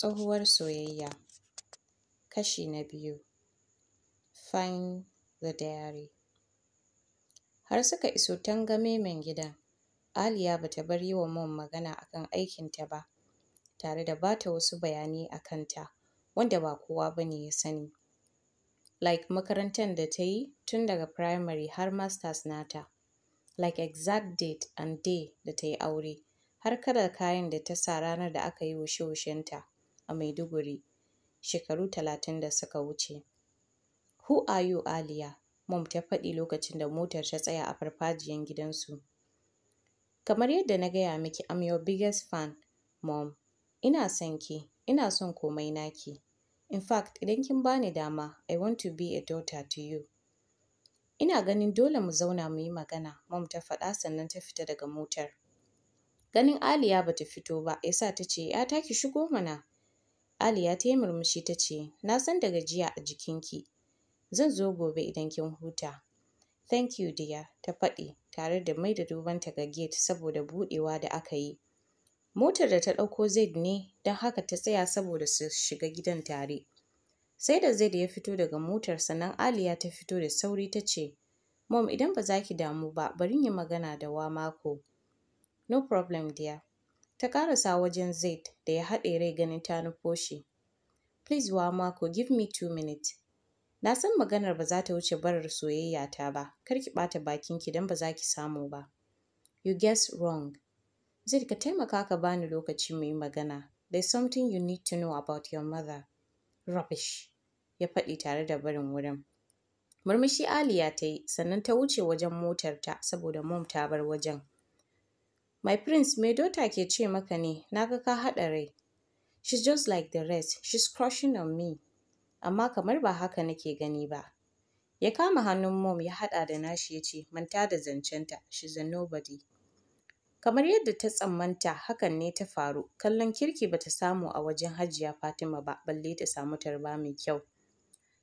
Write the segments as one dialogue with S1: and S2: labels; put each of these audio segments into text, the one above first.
S1: Tsohuwar soyayya kashi na biyu find the diary har suka iso tangamemen gidan Aliya bata bar yi wa Mom magana akan aikinta ba tare da bata wasu bayanai akan ta wanda ba kowa bane ya sani like makarantar da tayi tun daga primary har masters nata like exact date and day da tayi aure har kalar kayan da ta sa ranar da aka yi wushe-wushen ta a Maiduguri shekaru talatin da suka wuce. Who are you Aliya? Mom ta faɗi lokacin da motar ta tsaya a farfajiyan gidansu. Kamar yadda na gaya miki, I'm your biggest fan, Mom. Ina son ki, ina son komai naki. In fact, idan kin bani dama, I want to be a daughter to you. Ina ganin dole mu zauna mu yi magana, Mom ta faɗa sannan ta fita daga motar. Ganin Aliya ta fito ba, yasa ta ce, ta ki shigo mana. Aliya ta yi murmushi ta ce, Na san da gajiya a jikinki, zan zo gobe idan kin huta. Thank you dear, ta faɗi tare da mai da dubanta ga gate saboda buɗewa da aka yi. Motar da ta ɗauko Zaid ne don haka ta tsaya saboda su shiga gidan tare. Sai da Zaid ya fito daga motar sannan Aliya ta fito da sauri ta ce, Mom idan ba za ki damu ba bari yi magana da wa mako. No problem dear, Ta karasa wajen Zaid da ya haɗe rai ganin ta nufo shi. Please give me two minutes. Na san maganar ba za ta wuce barar soyayya ta ba, kar ki ɓata bakinki don ba za ki samu ba. You guess wrong. Zaid ka taimaka ka bani lokaci mu yi magana. There's something you need to know about your mother. Rubbish. Ya faɗi tare da barin wurin. Murmushi Aliya ta yi, sannan ta wuce wajen motarta saboda mom ta bar wajen. My prince, me daughter ke ce maka ne, na ga ka haɗa rai. She's just like the rest, she's crushing on me. Amma kamar ba haka nake gani ba. Ya kama hannun mom ya haɗa da nashi ya ce, manta da zancenta, she's a nobody. Kamar yadda ta tsammanta hakan ne ta faru, kallon kirki ba ta samu a wajen hajiya Fatima ba, balle ta samu tarba mai kyau.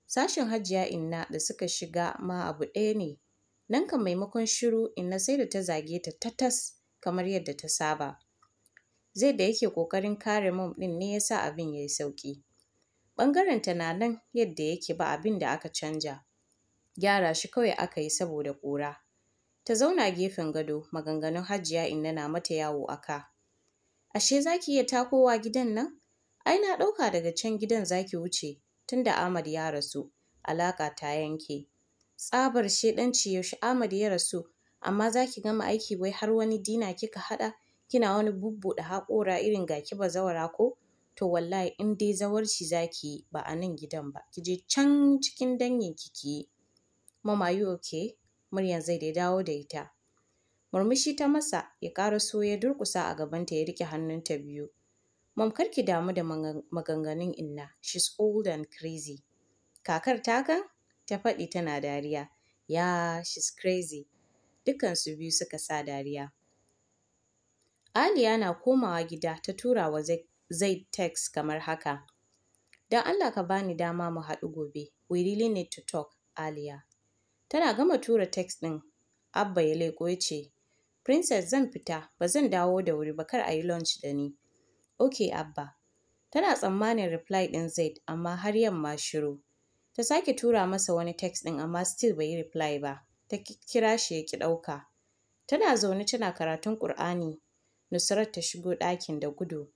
S1: Sashen hajiya inna da suka shiga ma abu ɗaya ne, nan ka maimakon shiru inna sai da ta zage ta tatas. kamar yadda ta saba. Zai da yake ƙoƙarin kare mom ɗin ne ya sa abin ya yi sauƙi. Ɓangaren na nan yadda yake ba abin da aka canja. Gyara shi kawai aka yi saboda ƙura. Ta zauna gefen gado maganganun hajiya inna na mata yawo a ka. Ashe za ki iya takowa gidan nan? Ai na ɗauka daga can gidan za ki wuce tunda Ahmad ya rasu, alaƙa ta yanke. Tsabar ɗanci yaushe Ahmad ya rasu amma zaki gama aiki wai har wani dina kika haɗa kina wani bubbuɗe haƙora irin ga ki ba zawara ko to wallahi in dai zawarci zaki yi ba a nan gidan ba ki je can cikin dangin ki ki yi mama you okay muryan zai dai dawo da ita murmushi ta masa ya ƙara so ya durƙusa a gabanta ya riƙe ta biyu mam kar ki damu da maganganun inna she's old and crazy kakar ta kan ta faɗi tana dariya ya yeah, she's crazy dukansu biyu suka sa dariya. Aliya na komawa gida ta tura wa Zaid text kamar haka. Don Allah ka bani dama mu haɗu gobe, we really need to talk, Aliya. Tana gama tura text ɗin, Abba ya leƙo ya ce, Princess zan fita, ba zan dawo da wuri ba kar a yi lunch da ni. Ok, Abba. Tana tsammanin reply ɗin Zaid, amma har yamma shiru. Ta sake tura masa wani text ɗin amma still bai yi reply ba. ta kira shi ya ki ɗauka. Tana zaune tana karatun Ƙur'ani, Nusrat ta shigo ɗakin da gudu.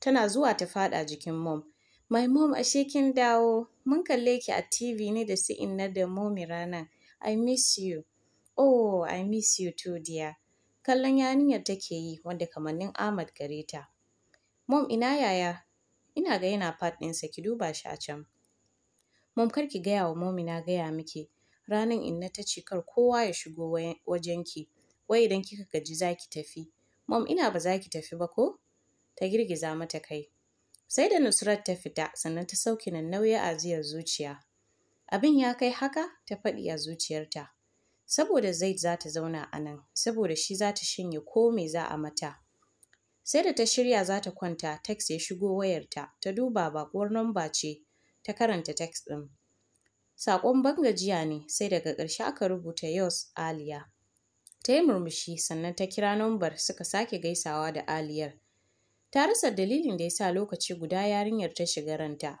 S1: Tana zuwa ta faɗa jikin mom. Mai mom ashe kin dawo, mun kalle ki a TV ne da su inna da momi ranar. I miss you. Oh, I miss you too dear. Kallon yarinyar take yi wanda kamannin Ahmad gare ta. Mom ina yaya? Ina ga yana fat ɗinsa ki duba shi a can. Mom kar ki gaya wa momi na gaya miki. Ranan inna ta ce kar kowa ya shigo wajenki, wai idan kika gaji zaki tafi. Mom ina ba za ki tafi ba ko? Ta girgiza mata kai. Sai da Nusrat ta fita sannan ta sauke nan nauyi a ziyar zuciya. Abin ya kai haka ta faɗi a zuciyarta. Saboda Zaid za ta zauna a nan, saboda shi za ta shanye ko me za a mata. Sai da ta shirya za ta kwanta, text ya shigo wayarta, ta duba baƙuwar namba ce, ta karanta text ɗin. Saƙon ban gajiya ne sai daga ƙarshe aka rubuta Yos Aliya. Ta yi murmushi sannan ta kira nambar suka sake gaisawa da Aliyar. Ta rasa dalilin da ya sa lokaci guda yarinyar ta shiga ranta.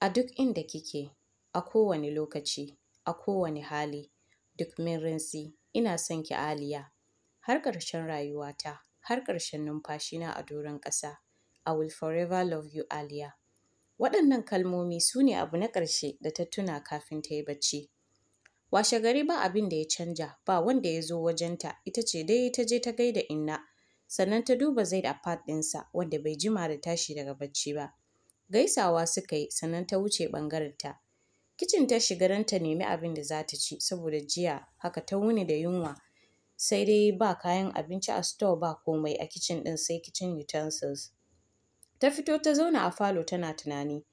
S1: A duk inda kike, a kowane lokaci, a kowane hali, duk min rinsi, ina son ki Aliya. Har ƙarshen rayuwata, har ƙarshen numfashina a doron ƙasa. I will forever love you Aliya. Waɗannan kalmomi su ne abu na ƙarshe da ta tuna kafin ta yi bacci. Washe gari ba abin da ya canja, ba wanda ya zo wajenta, ita ce dai ta je ta gaida inna. Sannan ta duba zai da pad ɗinsa wanda bai jima da tashi daga bacci ba. Gaisawa suka yi sannan ta wuce ɓangarenta. Kicin ta shiga don ta nemi abin da za ta ci saboda jiya haka ta wuni da yunwa. Sai dai ba kayan abinci a store ba komai a kicin ɗin sai kicin utensils. Ta fito ta zauna a falo tana tunani.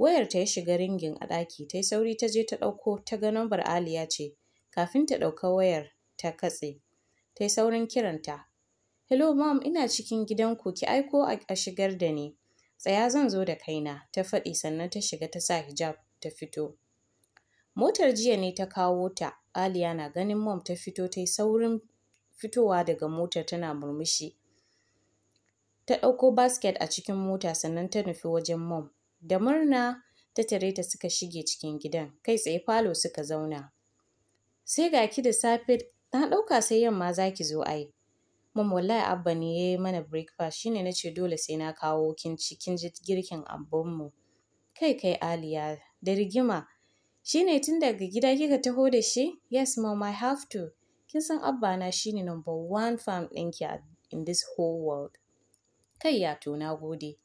S1: Wayar ta ya shiga ringin a ɗaki, ta yi sauri ta je ta ɗauko, ta ga nambar Aliya ce. Kafin ta ɗauka wayar, ta katse. Ta yi saurin kiranta. Hello mom, ina cikin gidanku, ki aiko a shigar da ni. Tsaya zan zo da kaina, ta faɗi sannan ta shiga ta sa hijab ta fito. Motar jiya ne ta kawo ta, Aliya na ganin mom ta fito ta yi saurin fitowa daga motar tana murmushi. Ta ɗauko basket a cikin mota sannan ta nufi wajen mom. Da murna ta tare ta suka shige cikin gidan, kai tsaye falo suka zauna. Sai ga ki da safe na ɗauka sai yamma za ki zo ai. Mom wallahi Abba ne ya mana breakfast shine na ce dole sai na kawo kin ci kin ji girkin abbanmu. Kai kai Aliya da rigima shine tun daga gida kika taho da shi? Yes mom I have to. Kin san Abba na shine number one farm ɗinki in this whole world. Kayya to na gode.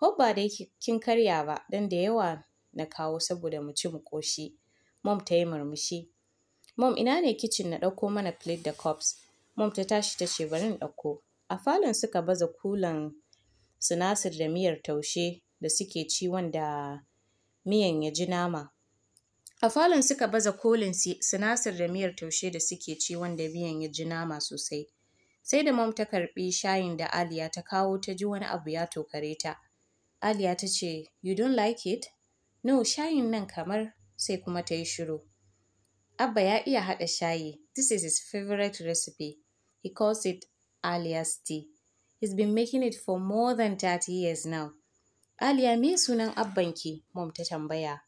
S1: Hobba dai kin karya ba dan da yawa na kawo saboda mu ci mu koshi Mom ta yi murmushi. Mom ina ne kicin na ɗauko mana plate da cups. Mom ta tashi ta ce bari in ɗauko. A falon suka baza kulan sinasir da miyar taushe da suke ci wanda miyan ya ji nama. A falon suka baza kolin sinasir da miyar taushe da suke ci wanda miyan ya ji nama sosai. Sai da mom ta karɓi shayin da Aliya ta kawo ta ji wani abu ya tokare ta. Aliya ta ce, You don't like it? No, shayin nan kamar sai kuma ta yi shiru. Abba ya iya haɗa shayi. This is his favorite recipe. He calls it Aliya's tea. He's been making it for more than 30 years now. Aliya me sunan abbanki? Mom ta tambaya.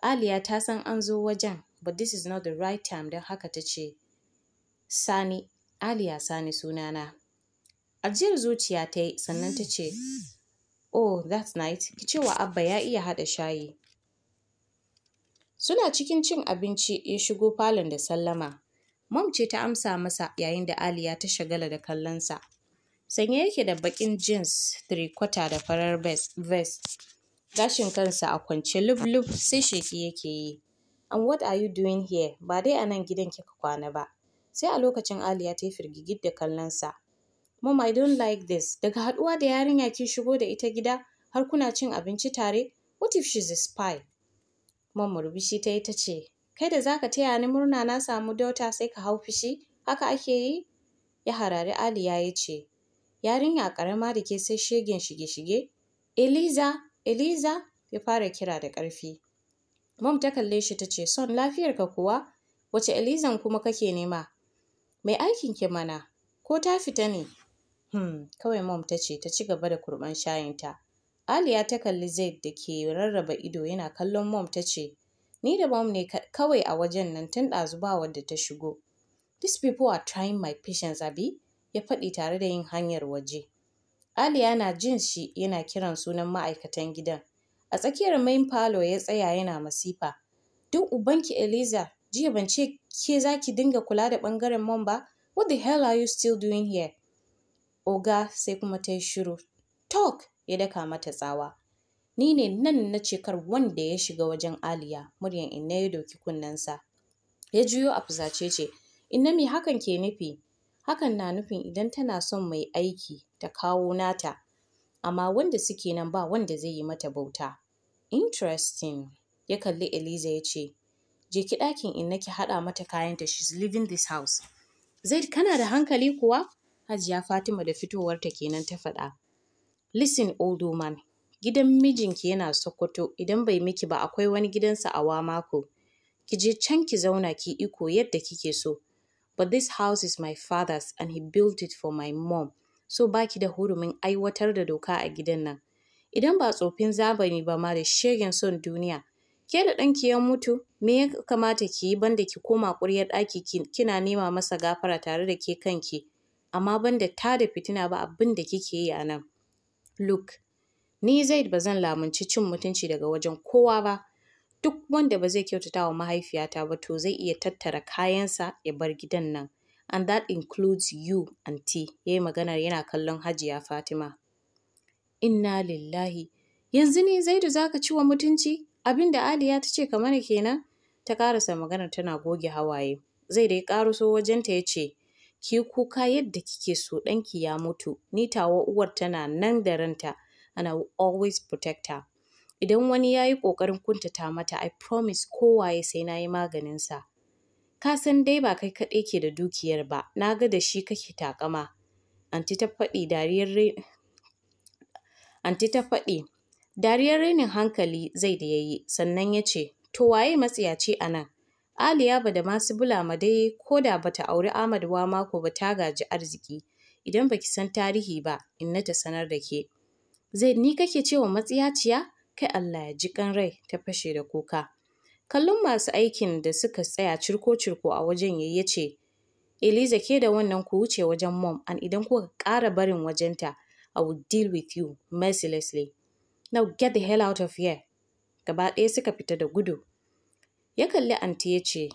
S1: Aliya ta san an zo wajen, but this is not the right time don haka ta ce, Sani, Aliya Sani sunana. Ajiyar zuciya ta yi sannan ta ce, Oh, that night, ki cewa Abba ya iya haɗa shayi. Suna cikin cin abinci ya shigo falon da sallama. Mom ce ta amsa masa yayin da Aliya ta shagala da kallonsa. Sanye yake da baƙin jeans, tirikwata da farar vest. Gashin kansa a kwance lub-lub sai sheki yake yi. And what are you doing here? Ba dai a nan gidan kika kwana ba. sai a lokacin Aliya ta yi firgigid da sa. Mom, I don't like this. Daga haɗuwa da yarinya ki shigo da ita gida har kuna cin abinci tare? What if she's a spy? Mom murbishi ta yi ta ce, Kai da zaka taya ni murna na samu dauta sai ka hau fishi Haka ake yi? Ya harari Aliya ya ce, Yarinya karama da ke sai shegen shige-shige? Eliza, Eliza, ya fara kira da ƙarfi. Mom ta kalle shi ta ce, Son lafiyarka kuwa? Wace Elizan kuma kake nema? mai aikin ki mana ko ta fita ne hmm kawai mom ta ce ta ci gaba da kurban ta. aliya ta kalli zaid da ke rarraba ido yana kallon mom ta ce ni da mom ne kawai a wajen nan tun ɗazu ba wadda ta shigo these people are trying my patience abi ya faɗi tare da yin hanyar waje aliya na jin shi yana kiran sunan ma'aikatan gidan a tsakiyar main palo ya tsaya yana masifa duk ubanki eliza Jiya ban ce ke za ki dinga kula da ɓangaren man ba? What the hell are you still doing here? Oga sai kuma ta yi shiru. Talk ya daka mata tsawa. Ni ne nan na ce kar wanda ya shiga wajen Aliya, muryan inna ya doki kunnensa. Ya juyo a fusace ce, inna mai hakan ke nufi? Hakan na nufin idan tana son mai aiki ta kawo nata, amma wanda suke nan ba wanda zai yi mata bauta. Interesting, ya kalli Eliza ya ce, je ki ɗakin inna ki haɗa mata kayanta she's leaving this house. Zaid kana da hankali kuwa? Hajiya Fatima da fitowarta kenan ta faɗa. Listen old woman, gidan mijinki yana Sokoto idan bai miki ba akwai wani gidansa a Wamako. Ki je can ki zauna ki iko yadda kike so. But this house is my father's and he built it for my mom. So ba ki da hurumin aiwatar da doka a gidan nan. Idan ba tsofin zamani ba ma da shegen son duniya, Ke da ɗanki ya mutu, me ya kamata ki yi banda ki koma ƙuryar ɗaki kina nema masa gafara tare da ke kanki, amma banda ta da fitina ba abin da kike yi a nan. Luke, ni Zaid ba zan lamunci cin mutunci daga wajen kowa ba, duk wanda ba zai kyautata wa mahaifiyata ba to zai iya tattara kayansa ya bar gidan nan. And that includes you, auntie, ya yi maganar yana kallon Hajiya Fatima. Inna lillahi, yanzu ne Zaidu za ka ci wa mutunci? Abin da Aliya ta ce kamar kenan? Ta karasa magana tana goge hawaye. Zai dai karaso wajenta ya ce, Ki kuka yadda kike so ɗanki ya mutu, ni tawa uwar tana nan da ranta, ana always protect her. Idan wani ya yi ƙoƙarin kuntata mata, I promise kowaye sai na yi maganinsa. Ka san dai ba kai kaɗai ke da dukiyar ba, na ga da shi kake takama. Anti ta faɗi dariyar Anti ta faɗi Dariyar rainin hankali zai da yayi sannan ya ce, To waye matsiyaci a nan? Aliya ba da masu bulama dai ko da ba ta auri Ahmad ba mako ba ta gaji arziki. Idan ba ki san tarihi ba, inna ta sanar da ke. Zai ni kake wa matsiyaciya? Kai Allah ya ji kan rai ta fashe da kuka. Kallon masu aikin da suka tsaya cirko-cirko a wajen ya ce, Eliza ke da wannan ku wuce wajen mom, an idan kuka ƙara barin wajenta, I will deal with you mercilessly. Now get the hell out of here. Gaba ɗaya suka fita da gudu. Ya kalli anti ya ce,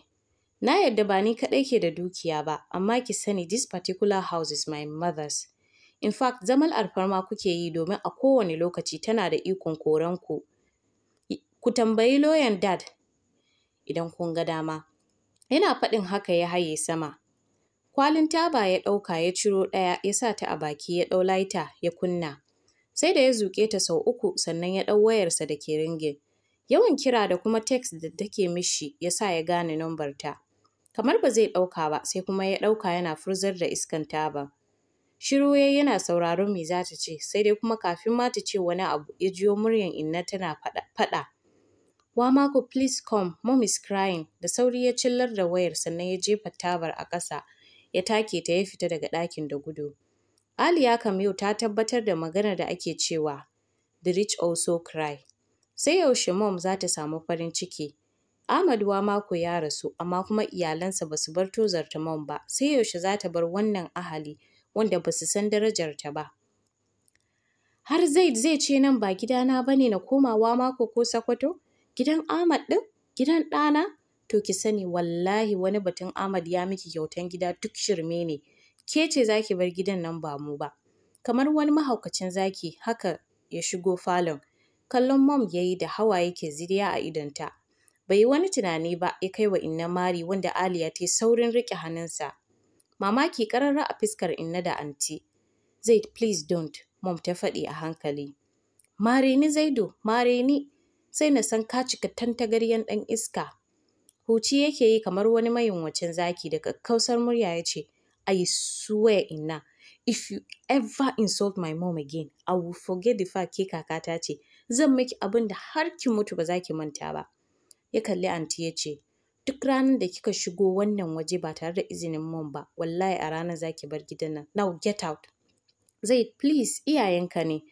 S1: Na yadda ba ni kaɗai ke da dukiya ba, amma ki sani this particular house is my mother's. In fact, zamal alfarma kuke yi domin a kowane lokaci tana da ikon koranku. Ku tambayi loyan dad idan kun ga dama. Yana faɗin haka ya haye sama. Kwalin taba ya ɗauka ya ciro ɗaya ya sa ta a baki ya ɗau laita ya kunna. Sai da ya zuƙe ta sau uku sannan ya ɗau wayarsa da ke ringin. Yawan kira da kuma text da take mishi ya sa ya gane nambar Kamar ba zai ɗauka ba sai kuma ya ɗauka yana furzar da iskan taba. Shiru ya yana sauraron me za ta ce sai dai kuma kafin ma ta ce wani abu ya jiyo muryan inna tana faɗa. Wa Wamako please come, mom is crying. Da sauri ya cillar da wayar sannan ya jefa tabar a ƙasa ya take ta ya fita daga ɗakin da gudu. Aliya kam ta tabbatar da maganar da ake cewa the rich also cry. Sai yaushe mom za ta samu farin ciki? Ahmad wa mako ya rasu amma kuma iyalansa ba su bar tozarta mom ba sai yaushe za ta bar wannan ahali wanda ba su san darajarta ba. Har Zaid zai ce nan ba gidana ba ne na komawa mako ko Sakwato? Gidan Ahmad ɗin? Gidan ɗana? To ki sani wallahi wani batun Ahmad ya miki kyautan gida duk shirme ne. ke ce za ki bar gidan nan ba mu ba. Kamar wani mahaukacin zaki haka ya shigo falon. Kallon mom ya yi da hawa yake ziriya a idonta. Bai yi wani tunani ba ya kai wa inna mari wanda Aliya ta yi saurin riƙe hannunsa. Mamaki ƙararra a fuskar inna da anti. Zaid please don't, mom ta faɗi a hankali. Mare ni Zaido, mare ni, sai na san ka cika tantagaryen ɗan iska. Huci yake yi kamar wani mayunwacin zaki da kakkausar murya ya ce, I swear inna if you ever insult my mom again, I will forget the fact ke kakata ce, zan miki abin da har ki mutu ba za ki manta ba. Ya kalli anti ya ce, duk ranar da kika shigo wannan waje ba tare da izinin mom ba, wallahi a ranar za ki bar gidan nan. Now get out. Zai, please, iyayenka ne.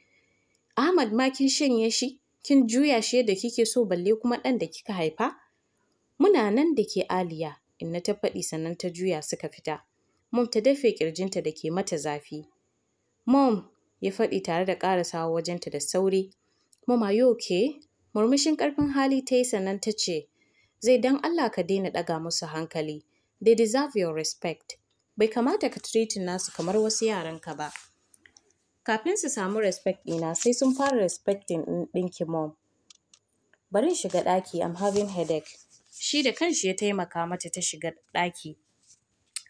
S1: Ahmad ma kin shanye shi, kin juya shi yadda kike so balle kuma ɗan da kika haifa? Muna nan da ke Aliya, inna ta faɗi sannan ta juya suka fita. Mom ta dafe ƙirjinta da ke mata zafi. Mom, ya faɗi tare da ƙarasawa wajenta da sauri. Mom, are you Murmushin ƙarfin hali ta yi sannan ta ce, Zai dan Allah ka daina ɗaga musu hankali. They deserve your respect. Bai kamata ka treatin nasu kamar wasu yaranka ba. Kafin su samu respect ɗina sai sun fara respecting ɗinki mom. Barin shiga ɗaki, I'm having headache. Shi da kanshi ya taimaka mata ta shiga ɗaki.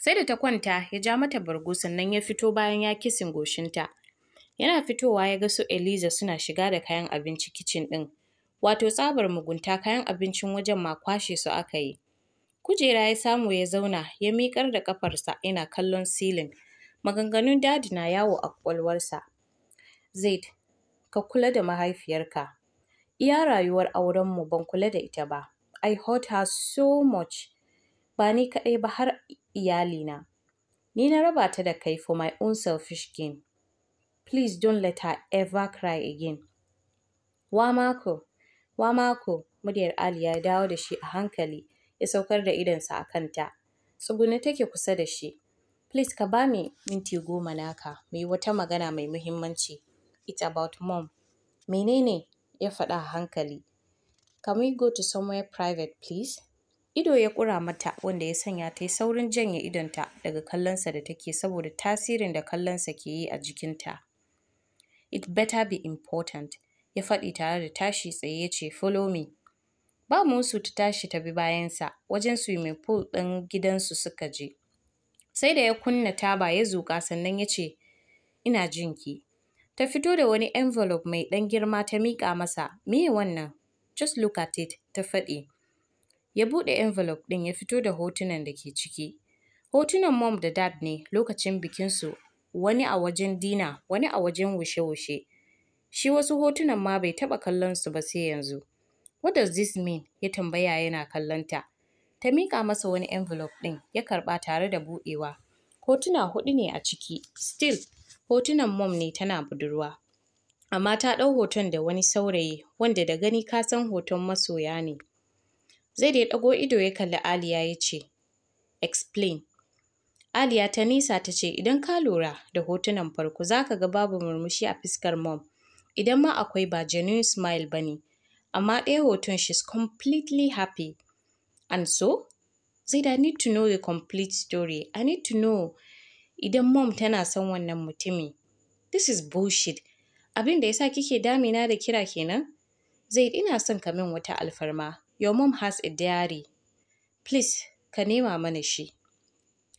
S1: Sai da ta kwanta ya ja mata bargo sannan ya fito bayan ya kisin goshinta. Yana fitowa ya ga su Eliza suna shiga da kayan abinci kicin ɗin. Wato tsabar mugunta kayan abincin wajen ma kwashe su aka yi. Kujera ya samu ya zauna ya miƙar da ƙafarsa yana kallon silin. Maganganun dadi na yawo a ƙwaƙwalwarsa. Zaid, ka kula da mahaifiyarka. Iya rayuwar aurenmu ban kula da ita ba. I hot her so much. Ba ni kaɗai ba har iyalina. Ni na raba ta da kai for my own selfish gain. Please don't let her ever cry again. Wa mako, wa mako, muryar Ali ya dawo da shi a hankali ya saukar da idonsa a kanta. tsuguna take kusa da shi. Please ka bani minti goma naka mu yi wata magana mai muhimmanci. It's about mom. Menene? ya faɗa a hankali. Can we go to somewhere private please? Ido ya ƙura mata wanda ya sanya ta yi saurin janye idonta daga kallonsa da take saboda tasirin da kallonsa ke yi a jikinta. It better be important, ya faɗi tare da tashi tsaye ya ce follow me. Ba musu ta tashi ta bi bayansa wajen swimming pool ɗin gidansu suka je. Sai da ya kunna taba ya zuƙa sannan ya ce, ina jinki. Ta fito da wani envelope mai ɗan girma ta miƙa masa, me wannan? Just look at it, ta faɗi. Ya buɗe envelope ɗin ya fito da hotunan da ke ciki. Hotunan mom da dad ne lokacin bikinsu, wani a wajen dina, wani a wajen wushe-wushe. Shi wasu hotunan ma bai taɓa kallon su ba sai yanzu. What does this mean? ya tambaya yana kallonta. Ta miƙa masa wani envelope ɗin ya karɓa tare da buɗewa. Hotuna huɗu ne a ciki. Still, hotunan mom ne tana budurwa. Amma ta ɗau hoton da wani saurayi wanda da gani ka san hoton masoya ne. Zaid ya ɗago ido ya kalli Aliya ya ce, Explain. Aliya ta nisa ta ce, Idan ka lura da hotunan farko za ka ga babu murmushi a fuskar mom. Idan ma akwai ba genuine smile ba ne, amma ɗaya hoton is completely happy. And so, Zaid, I need to know the complete story. I need to know idan mom tana son wannan mutumi. This is bullshit. Abin da yasa kike damina da kira kenan? Zaid, ina son ka min wata alfarma. Your mom has a diary. Please, ka nema mana shi.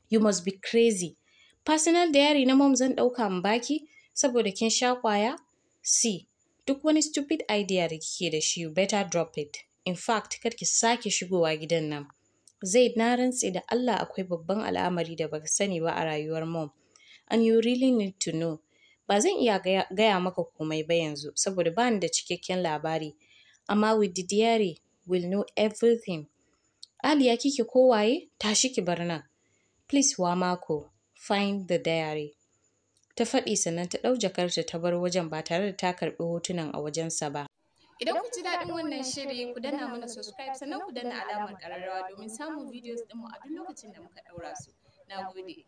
S1: You must be crazy. Personal diary na mom zan ɗauka in baki saboda kin sha ƙwaya? C. Duk wani stupid idea da kike da shi, you better drop it. In fact, kar ki sake shigowa gidan nan. zai na rantse da Allah akwai babban al'amari da baka sani ba a rayuwar mom. And you really need to know. Ba zan iya gaya, gaya maka komai ba yanzu saboda ba ni da cikakken labari. Amma with the diary, will know everything. ya kike ko waye? Tashi ki bar nan. Please Wamako, find the diary. Ta faɗi sannan ta ɗau jakarta ta bar wajen ba tare da ta karɓi hotunan a wajensa ba. Idan ku ji daɗin wannan shiri ku danna mana subscribe sannan ku danna alamar ƙararrawa domin samun videos ɗinmu a duk lokacin da muka ɗaura su. Na gode.